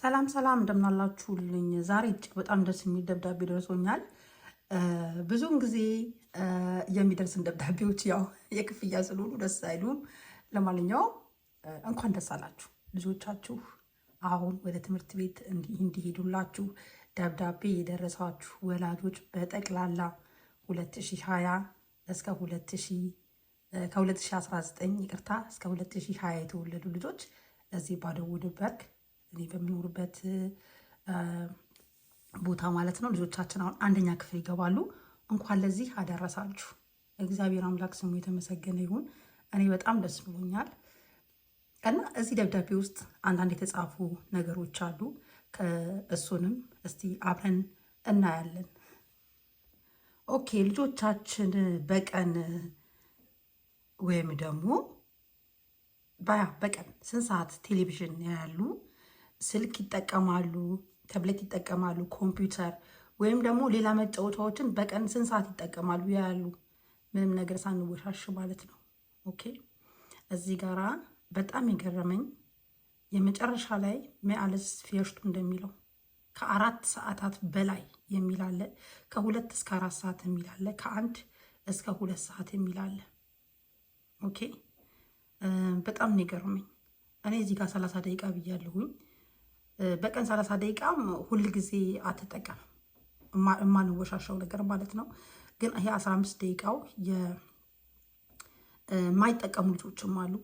ሰላም ሰላም እንደምናላችሁልኝ። ዛሬ እጅግ በጣም ደስ የሚል ደብዳቤ ደርሶኛል። ብዙውን ጊዜ የሚደርስን ደብዳቤዎች ያው የክፍያ ስለሆኑ ደስ አይሉም። ለማንኛውም እንኳን ደስ አላችሁ። ልጆቻችሁ አሁን ወደ ትምህርት ቤት እንዲሄዱላችሁ ደብዳቤ የደረሳችሁ ወላጆች በጠቅላላ 2020 እስከ 2019 ይቅርታ እስከ 2020 የተወለዱ ልጆች እዚህ ባደወዱበርግ እኔ በሚኖርበት ቦታ ማለት ነው። ልጆቻችን አሁን አንደኛ ክፍል ይገባሉ። እንኳን ለዚህ አደረሳችሁ። እግዚአብሔር አምላክ ስሙ የተመሰገነ ይሁን። እኔ በጣም ደስ ብሎኛል እና እዚህ ደብዳቤ ውስጥ አንዳንድ የተጻፉ ነገሮች አሉ። እሱንም እስቲ አብረን እናያለን። ኦኬ ልጆቻችን በቀን ወይም ደግሞ በቀን ስንት ሰዓት ቴሌቪዥን ያያሉ? ስልክ ይጠቀማሉ፣ ታብሌት ይጠቀማሉ፣ ኮምፒውተር ወይም ደግሞ ሌላ መጫወቻዎችን በቀን ስንት ሰዓት ይጠቀማሉ ያሉ ምንም ነገር ሳንወሻሽ ማለት ነው። ኦኬ እዚህ ጋራ በጣም የገረመኝ የመጨረሻ ላይ መአለስ ፊየሽቱ እንደሚለው ከአራት ሰዓታት በላይ የሚላለ ከሁለት እስከ አራት ሰዓት የሚላለ ከአንድ እስከ ሁለት ሰዓት የሚላለ ኦኬ በጣም ነው የገረመኝ። እኔ እዚህ ጋር ሰላሳ ደቂቃ ብያለሁኝ። በቀን 30 ደቂቃ ሁል ጊዜ አትጠቀም የማንወሻሸው ነገር ማለት ነው። ግን ይሄ 15 ደቂቃው የማይጠቀሙ ልጆችም አሉ።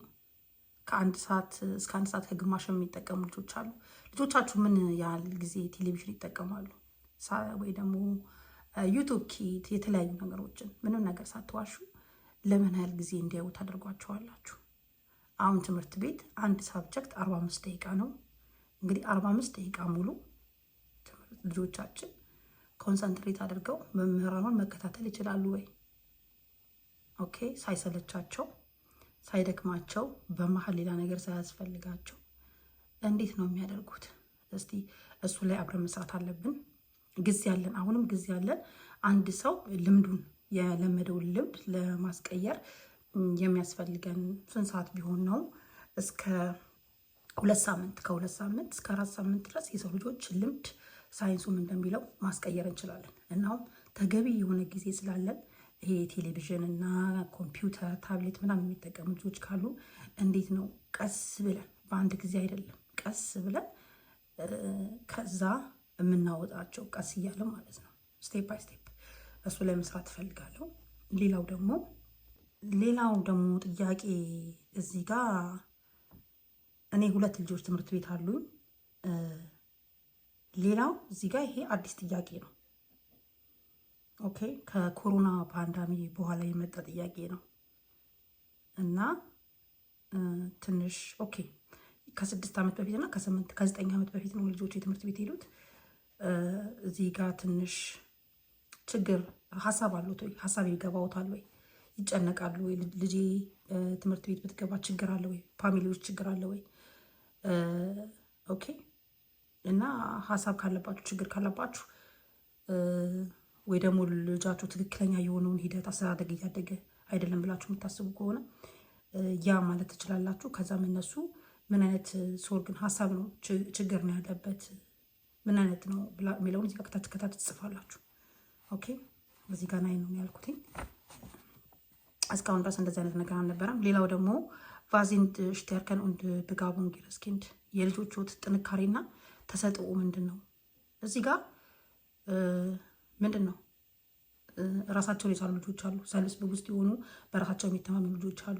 ከአንድ ሰዓት እስከ አንድ ሰዓት ከግማሽ የሚጠቀሙ ልጆች አሉ። ልጆቻችሁ ምን ያህል ጊዜ ቴሌቪዥን ይጠቀማሉ? ወይ ደግሞ ዩቱብ ኪት፣ የተለያዩ ነገሮችን ምንም ነገር ሳትዋሹ ለምን ያህል ጊዜ እንዲያዩ ታደርጓቸዋላችሁ? አሁን ትምህርት ቤት አንድ ሳብጀክት 45 ደቂቃ ነው። እንግዲህ አርባ አምስት ደቂቃ ሙሉ ትምህርት ልጆቻችን ኮንሰንትሬት አድርገው መምህራኑን መከታተል ይችላሉ ወይ? ኦኬ ሳይሰለቻቸው ሳይደክማቸው በመሀል ሌላ ነገር ሳያስፈልጋቸው እንዴት ነው የሚያደርጉት? እስቲ እሱ ላይ አብረን መስራት አለብን። ጊዜ አለን፣ አሁንም ጊዜ አለን። አንድ ሰው ልምዱን የለመደውን ልምድ ለማስቀየር የሚያስፈልገን ስንት ሰዓት ቢሆን ነው እስከ ሁለት ሳምንት ከሁለት ሳምንት እስከ አራት ሳምንት ድረስ የሰው ልጆች ልምድ ሳይንሱም እንደሚለው ማስቀየር እንችላለን። እናም ተገቢ የሆነ ጊዜ ስላለን ይሄ ቴሌቪዥን እና ኮምፒውተር፣ ታብሌት ምናምን የሚጠቀሙ ልጆች ካሉ እንዴት ነው ቀስ ብለን በአንድ ጊዜ አይደለም፣ ቀስ ብለን ከዛ የምናወጣቸው ቀስ እያለ ማለት ነው፣ ስቴፕ ባይ ስቴፕ እሱ ላይ መስራት እፈልጋለሁ። ሌላው ደግሞ ሌላው ደግሞ ጥያቄ እዚህ ጋር እኔ ሁለት ልጆች ትምህርት ቤት አሉኝ። ሌላው እዚህ ጋር ይሄ አዲስ ጥያቄ ነው። ኦኬ ከኮሮና ፓንዳሚ በኋላ የመጣ ጥያቄ ነው እና ትንሽ ኦኬ ከስድስት ዓመት በፊት እና ከስምንት ከዘጠኝ ዓመት በፊት ነው ልጆች የትምህርት ቤት ሄዱት። እዚህ ጋር ትንሽ ችግር ሀሳብ አሉት ወይ ሀሳብ ይገባውታል ወይ ይጨነቃሉ ወይ ልጄ ትምህርት ቤት ብትገባ ችግር አለ ወይ ፋሚሊዎች ችግር አለ ወይ ኦኬ። እና ሀሳብ ካለባችሁ ችግር ካለባችሁ ወይ ደግሞ ልጃችሁ ትክክለኛ የሆነውን ሂደት አስተዳደግ እያደገ አይደለም ብላችሁ የምታስቡ ከሆነ ያ ማለት ትችላላችሁ። ከዛም እነሱ ምን አይነት ሶር ግን ሀሳብ ነው ችግር ነው ያለበት ምን አይነት ነው የሚለውን እዚህ ከታች ከታች ትጽፋላችሁ። ኦኬ እዚህ ጋር ናይ ነው ያልኩትኝ። እስካሁን ድረስ እንደዚህ አይነት ነገር አልነበረም። ሌላው ደግሞ ቫዚንድ ሽትያርከን und ብጋቦን ጌረስኪንድ Kind የልጆች ወት ጥንካሬና ተሰጥኦ ምንድን ነው? እዚህ ጋር ምንድን ነው ራሳቸውን የቻሉ ልጆች አሉ። ሰልስ ውስጥ የሆኑ በራሳቸው የሚተማመኑ ልጆች አሉ።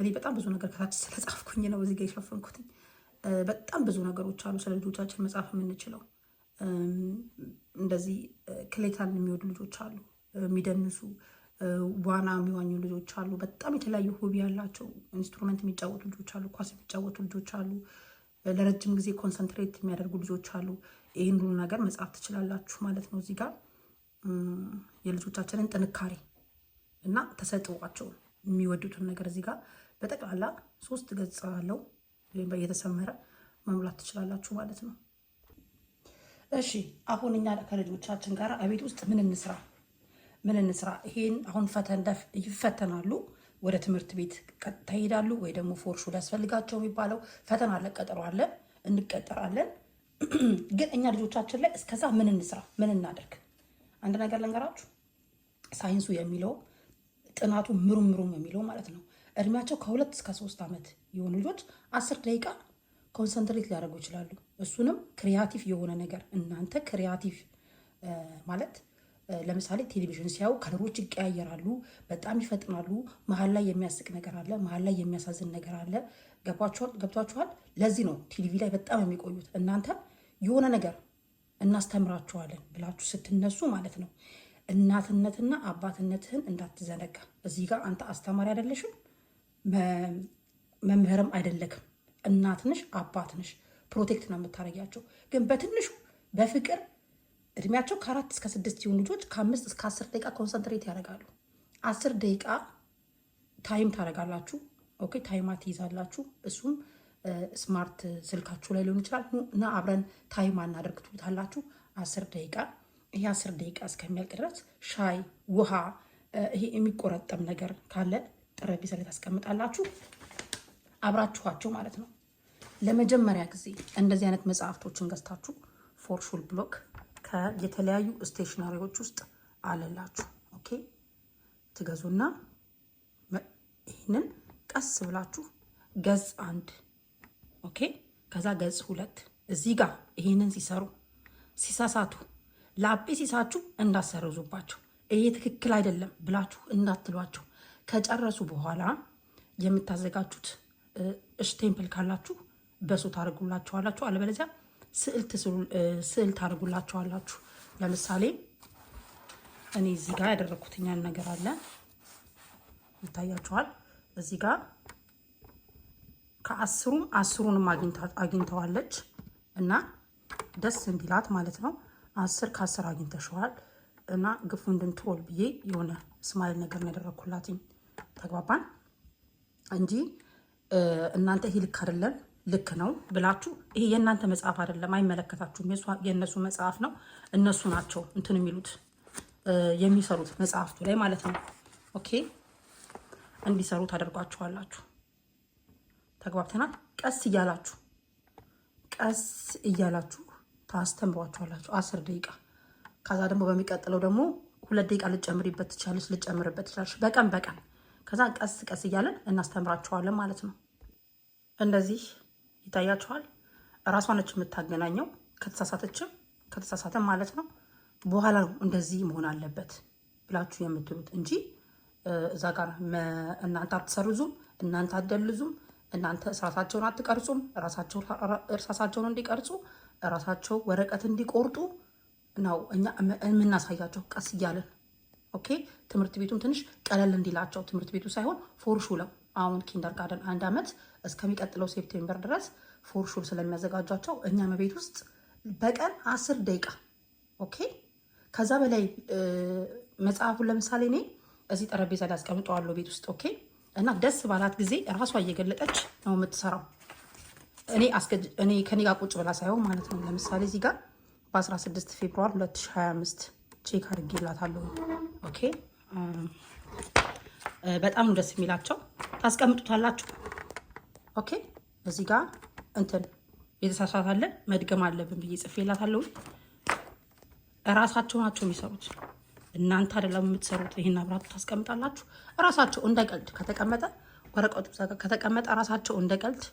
እኔ በጣም ብዙ ነገር ከታች ስለጻፍኩኝ ነው እዚህ ጋር የሸፈንኩትኝ። በጣም ብዙ ነገሮች አሉ ስለ ልጆቻችን መጻፍ የምንችለው። እንደዚህ ክሌታን የሚወዱ ልጆች አሉ፣ የሚደንሱ ዋና የሚዋኙ ልጆች አሉ። በጣም የተለያዩ ሆቢ ያላቸው ኢንስትሩመንት የሚጫወቱ ልጆች አሉ። ኳስ የሚጫወቱ ልጆች አሉ። ለረጅም ጊዜ ኮንሰንትሬት የሚያደርጉ ልጆች አሉ። ይህን ሁሉ ነገር መጻፍ ትችላላችሁ ማለት ነው። እዚህ ጋር የልጆቻችንን ጥንካሬ እና ተሰጥዋቸው የሚወዱትን ነገር እዚህ ጋር በጠቅላላ ሶስት ገጽ አለው የተሰመረ መሙላት ትችላላችሁ ማለት ነው። እሺ አሁን እኛ ከልጆቻችን ጋር አቤት ውስጥ ምን እንስራ ምን እንስራ? ይሄን አሁን ፈተን ይፈተናሉ፣ ወደ ትምህርት ቤት ቀጥታ ይሄዳሉ፣ ወይ ደግሞ ፎርሹ ሊያስፈልጋቸው የሚባለው ፈተና አለ፣ ቀጠሮ አለ፣ እንቀጠራለን። ግን እኛ ልጆቻችን ላይ እስከዛ ምን እንስራ? ምን እናደርግ? አንድ ነገር ልንገራችሁ። ሳይንሱ የሚለው ጥናቱ ምሩምሩም የሚለው ማለት ነው እድሜያቸው ከሁለት እስከ ሶስት ዓመት የሆኑ ልጆች አስር ደቂቃ ኮንሰንትሬት ሊያደርጉ ይችላሉ። እሱንም ክሪያቲቭ የሆነ ነገር እናንተ ክሪያቲቭ ማለት ለምሳሌ ቴሌቪዥን ሲያዩ ከለሮች ይቀያየራሉ፣ በጣም ይፈጥናሉ። መሀል ላይ የሚያስቅ ነገር አለ፣ መሀል ላይ የሚያሳዝን ነገር አለ። ገብቷችኋል? ለዚህ ነው ቲቪ ላይ በጣም የሚቆዩት። እናንተ የሆነ ነገር እናስተምራችኋለን ብላችሁ ስትነሱ ማለት ነው እናትነትና አባትነትህን እንዳትዘነጋ። እዚህ ጋር አንተ አስተማሪ አይደለሽም፣ መምህርም አይደለክም። እናትንሽ አባትንሽ ፕሮቴክት ነው የምታደርጊያቸው። ግን በትንሹ በፍቅር እድሜያቸው ከአራት እስከ ስድስት ሲሆኑ ልጆች ከአምስት እስከ አስር ደቂቃ ኮንሰንትሬት ያደርጋሉ። አስር ደቂቃ ታይም ታደርጋላችሁ። ኦኬ ታይማ ትይዛላችሁ። እሱም ስማርት ስልካችሁ ላይ ሊሆን ይችላል። እና አብረን ታይማ እናደርግ ትሉታላችሁ። አስር ደቂቃ ይህ አስር ደቂቃ እስከሚያልቅ ድረስ ሻይ፣ ውሃ፣ ይሄ የሚቆረጠም ነገር ካለ ጠረጴዛ ላይ ታስቀምጣላችሁ። አብራችኋቸው ማለት ነው። ለመጀመሪያ ጊዜ እንደዚህ አይነት መጽሐፍቶችን ገዝታችሁ ፎርሹል ብሎክ ከየተለያዩ ስቴሽነሪዎች ውስጥ አለላችሁ። ኦኬ ትገዙና ይህንን ቀስ ብላችሁ ገጽ አንድ ኦኬ፣ ከዛ ገጽ ሁለት እዚህ ጋር ይህንን ሲሰሩ ሲሳሳቱ ላጲ ሲሳችሁ እንዳሰርዙባቸው ይሄ ትክክል አይደለም ብላችሁ እንዳትሏቸው። ከጨረሱ በኋላ የምታዘጋጁት እሽቴምፕል ካላችሁ በሱ ታደርጉላችኋላችሁ። አለበለዚያ ስዕል ታደርጉላችኋላችሁ። ለምሳሌ እኔ እዚህ ጋር ያደረግኩትኛል ነገር አለ ይታያችኋል። እዚህ ጋር ከአስሩም አስሩንም አግኝተዋለች እና ደስ እንዲላት ማለት ነው። አስር ከአስር አግኝተሸዋል እና ግፉ እንድንትሮል ብዬ የሆነ ስማይል ነገር ነው ያደረግኩላትኝ። ተግባባን እንጂ እናንተ ይህ ልክ አይደለም ልክ ነው ብላችሁ ይሄ የእናንተ መጽሐፍ አይደለም፣ አይመለከታችሁም። የእነሱ መጽሐፍ ነው። እነሱ ናቸው እንትን የሚሉት የሚሰሩት መጽሐፍቱ ላይ ማለት ነው። ኦኬ እንዲሰሩ ታደርጓችኋላችሁ። ተግባብተናል። ቀስ እያላችሁ ቀስ እያላችሁ ታስተምሯችኋላችሁ። አስር ደቂቃ ከዛ ደግሞ በሚቀጥለው ደግሞ ሁለት ደቂቃ ልጨምሪበት ትችላለች፣ ልጨምርበት ትችላለች። በቀን በቀን ከዛ ቀስ ቀስ እያለን እናስተምራችኋለን ማለት ነው እንደዚህ ይታያችኋል። ራሷ ነች የምታገናኘው። ከተሳሳተችም ከተሳሳተ ማለት ነው በኋላ ነው እንደዚህ መሆን አለበት ብላችሁ የምትሉት እንጂ እዛ ጋር እናንተ አትሰርዙም፣ እናንተ አትደልዙም፣ እናንተ እራሳቸውን አትቀርጹም። እርሳሳቸውን እንዲቀርጹ እራሳቸው ወረቀት እንዲቆርጡ ነው እኛ የምናሳያቸው ቀስ እያለን ኦኬ። ትምህርት ቤቱም ትንሽ ቀለል እንዲላቸው ትምህርት ቤቱ ሳይሆን ፎርሹ ለው አሁን ኪንደር ጋርደን አንድ ዓመት እስከሚቀጥለው ሴፕቴምበር ድረስ ፎርሹር ስለሚያዘጋጇቸው እኛም ቤት ውስጥ በቀን አስር ደቂቃ ኦኬ፣ ከዛ በላይ መጽሐፉን ለምሳሌ እኔ እዚህ ጠረጴዛ ላይ አስቀምጠዋለሁ ቤት ውስጥ ኦኬ። እና ደስ ባላት ጊዜ ራሷ እየገለጠች ነው የምትሰራው። እኔ እኔ ከኔ ጋር ቁጭ ብላ ሳይሆን ማለት ነው። ለምሳሌ እዚህ ጋር በ16 ፌብሩዋር 2025 ቼክ አድርጌላታለሁ ኦኬ በጣም ነው ደስ የሚላቸው። ታስቀምጡታላችሁ። ኦኬ እዚህ ጋር እንትን የተሳሳታለ መድገም አለብን ብዬ ጽፌላታለሁ። እራሳቸው ናቸው የሚሰሩት፣ እናንተ አይደለም የምትሰሩት። ይህን አብራቱ ታስቀምጣላችሁ። እራሳቸው እንደ ቀልድ ከተቀመጠ ወረቀቱ ከተቀመጠ እራሳቸው እንደ ቀልድ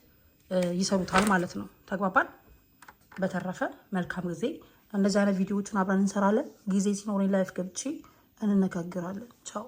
ይሰሩታል ማለት ነው። ተግባባን። በተረፈ መልካም ጊዜ። እንደዚህ አይነት ቪዲዮዎችን አብረን እንሰራለን። ጊዜ ሲኖረኝ ላይፍ ገብቼ እንነጋግራለን። ቻው